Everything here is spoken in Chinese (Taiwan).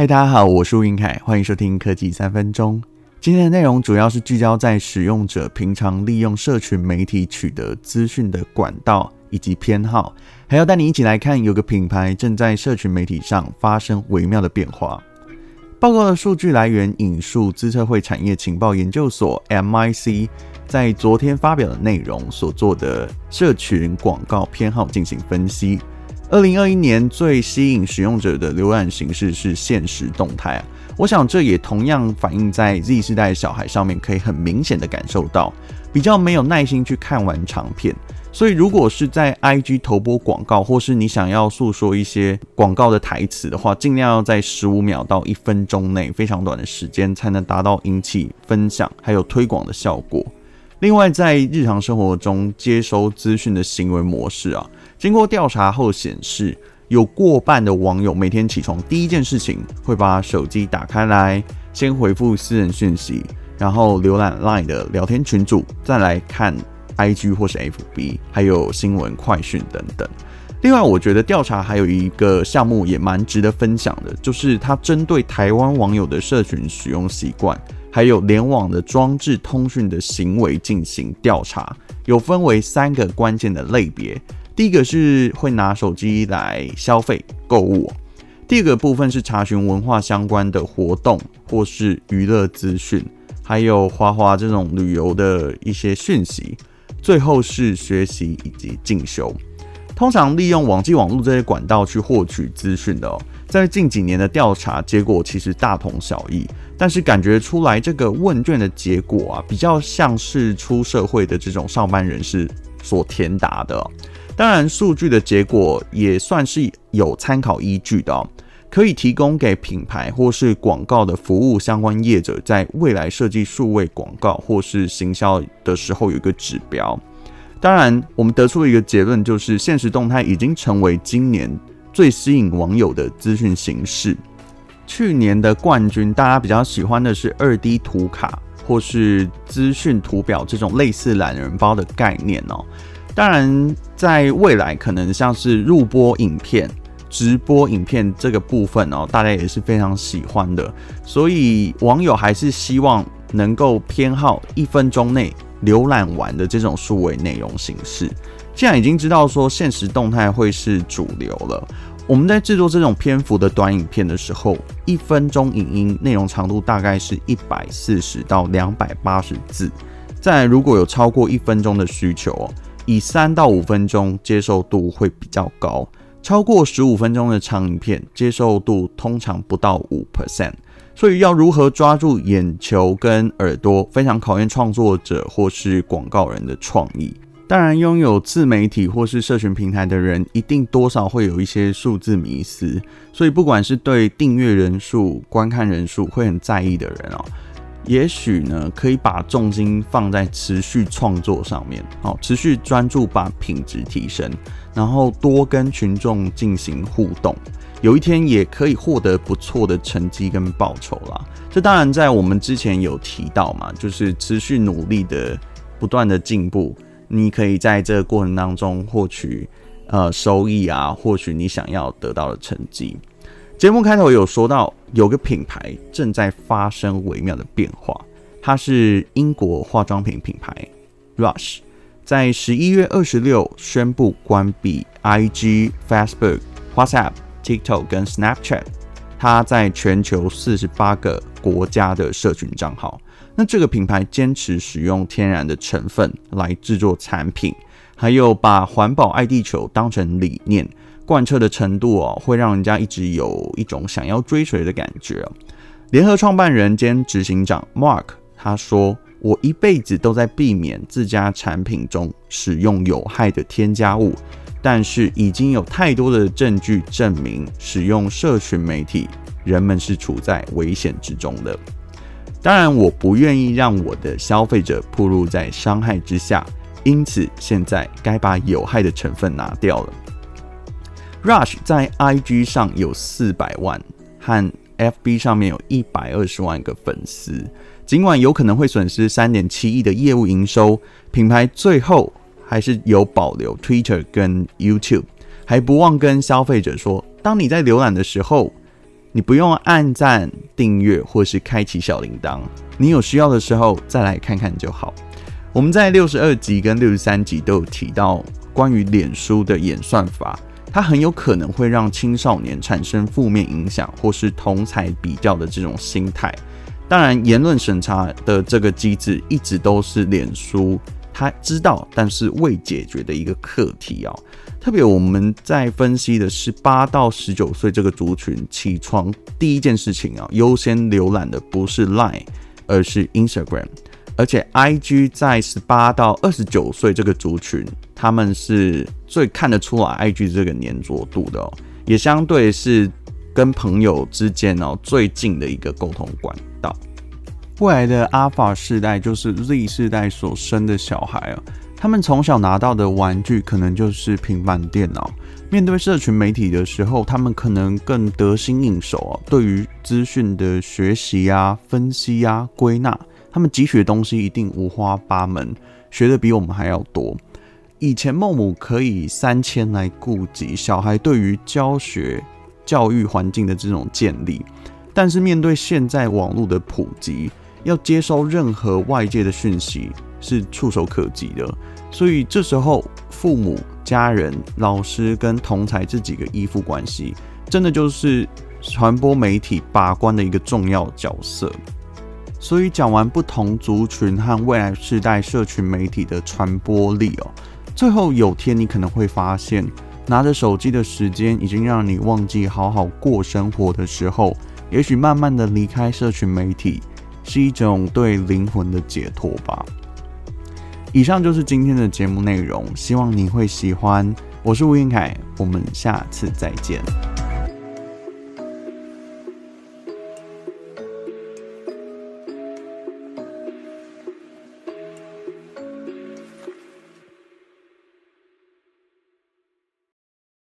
嗨，大家好，我是雲凱，歡迎收聽科技三分鐘。今天的內容主要是聚焦在使用者平常利用社群媒體取得資訊的管道以及偏好，還要帶你一起來看有個品牌正在社群媒體上發生微妙的變化。報告的數據來源引述資策會產業情報研究所 MIC 在昨天發表的內容所做的社群廣告偏好進行分析。二零二一年最吸引使用者的瀏覽形式是限時動態啊，我想這也同樣反映在 Z 世代的小孩上面，可以很明顯的感受到，比較沒有耐心去看完長片，所以如果是在 IG 投播廣告，或是你想要訴說一些廣告的台詞的話，盡量要在十五秒到一分鐘內，非常短的時間才能達到引起分享還有推廣的效果。另外，在日常生活中接收資訊的行為模式啊，經過調查後顯示，有過半的網友每天起床第一件事情會把手機打開來，先回復私人訊息，然後瀏覽 LINE 的聊天群組，再來看 IG 或是 FB，還有新聞快訊等等。另外，我覺得調查還有一個項目也蠻值得分享的，就是它針對台灣網友的社群使用習慣。還有聯網的裝置通訊的行為進行調查，有分為三個關鍵的類別。第一個是會拿手機來消費購物，第二個部分是查詢文化相關的活動或是娛樂資訊，還有花花這種旅遊的一些訊息，最後是學習以及進修，通常利用網際網路這些管道去獲取資訊的哦。在近幾年的調查結果其實大同小異，但是感覺出來這個問卷的結果啊，比較像是出社會的這種上班人士所填答的。當然，數據的結果也算是有參考依據的，可以提供給品牌或是廣告的服務相關業者，在未來設計數位廣告或是行銷的時候有一個指標。當然，我們得出了一個結論，就是限時動態已經成為今年。最吸引網友的資訊形式。去年的冠軍大家比較喜歡的是 2D 圖卡或是資訊圖表這種類似懶人包的概念哦。當然，在未來可能像是錄播影片、直播影片，這個部分哦，大家也是非常喜歡的。所以網友還是希望能夠偏好一分鐘內瀏覽完的這種數位內容形式。現在已經知道說限時動態會是主流了，我們在製作這種篇幅的短影片的時候，一分鐘影音內容長度大概是一百四十到兩百八十字。再來如果有超過一分鐘的需求，以三到五分鐘接受度會比較高。超過十五分鐘的長影片接受度通常不到五 percent，所以要如何抓住眼球跟耳朵，非常考驗創作者或是廣告人的創意。當然，擁有自媒體或是社群平台的人，一定多少會有一些數字迷思。所以，不管是對訂閱人數、觀看人數會很在意的人哦，也許呢，可以把重心放在持續創作上面，好持續專注把品質提升，然後多跟群眾進行互動，有一天也可以獲得不錯的成績跟報酬啦。這當然在我們之前有提到嘛，就是持續努力的、不斷的進步。你可以在這個過程當中獲取，呃，收益啊，獲取你想要得到的成績。節目開頭有說到，有個品牌正在發生微妙的變化，它是英國化妝品品牌 LUSH，在十一月二十六宣布關閉 IG、Facebook、WhatsApp、TikTok 跟 Snapchat，它在全球四十八個。國家的社群賬號，那這個品牌堅持使用天然的成分來制作產品，還有把環保愛地球當成理念貫徹的程度哦，會讓人家一直有一種想要追隨的感覺。聯合創辦人兼執行長 Mark 他說：“我一輩子都在避免自家產品中使用有害的添加物，但是已經有太多的證據證明使用社群媒體。”人們是處在危險之中的。當然，我不願意讓我的消費者暴露在傷害之下，因此現在該把有害的成分拿掉了。LUSH 在 IG 上有四百萬，和 FB 上面有一百二十萬個粉絲。儘管有可能會損失三點七億的業務營收，品牌最後還是有保留 Twitter 跟 YouTube 還不忘跟消費者說：當你在瀏覽的時候。你不用按讚、訂閱或是開啟小鈴鐺，你有需要的時候再來看看就好。我們在六十二集跟六十三集都有提到關於臉書的演算法，它很有可能會讓青少年產生負面影響或是同儕比較的這種心態。當然，言論審查的這個機制一直都是臉書。他知道，但是未解決的一個課題哦。特別我們在分析的是十八到十九歲這個族群，起床第一件事情啊、哦，優先瀏覽的不是 LINE，而是 Instagram。而且 IG 在十八到二十九歲這個族群，他們是最看得出來 IG 這個黏着度的哦，也相對是跟朋友之間哦最近的一個溝通管。未來的 Alpha 世代就是 Z 世代所生的小孩啊，他們從小拿到的玩具可能就是平板電腦。面對社群媒體的時候，他們可能更得心應手啊。對於資訊的學習呀、啊、分析呀、啊、歸納，他們汲取的東西一定五花八門，學的比我們還要多。以前孟母可以三遷來顧及小孩對於教學、教育環境的這種建立，但是面對現在網絡的普及，要接收任何外界的訊息是觸手可及的，所以這時候父母、家人、老師跟同儕，這幾個依附關係，真的就是傳播媒體把關的一個重要角色。所以講完不同族群和未來世代社群媒體的傳播力哦，最後有天你可能會發現，拿着手機的時間已經讓你忘記好好過生活的時候，也許慢慢的離開社群媒體。是一種對靈魂的解脫吧。以上就是今天的節目內容，希望你會喜歡。我是吳英凱，我們下次再見。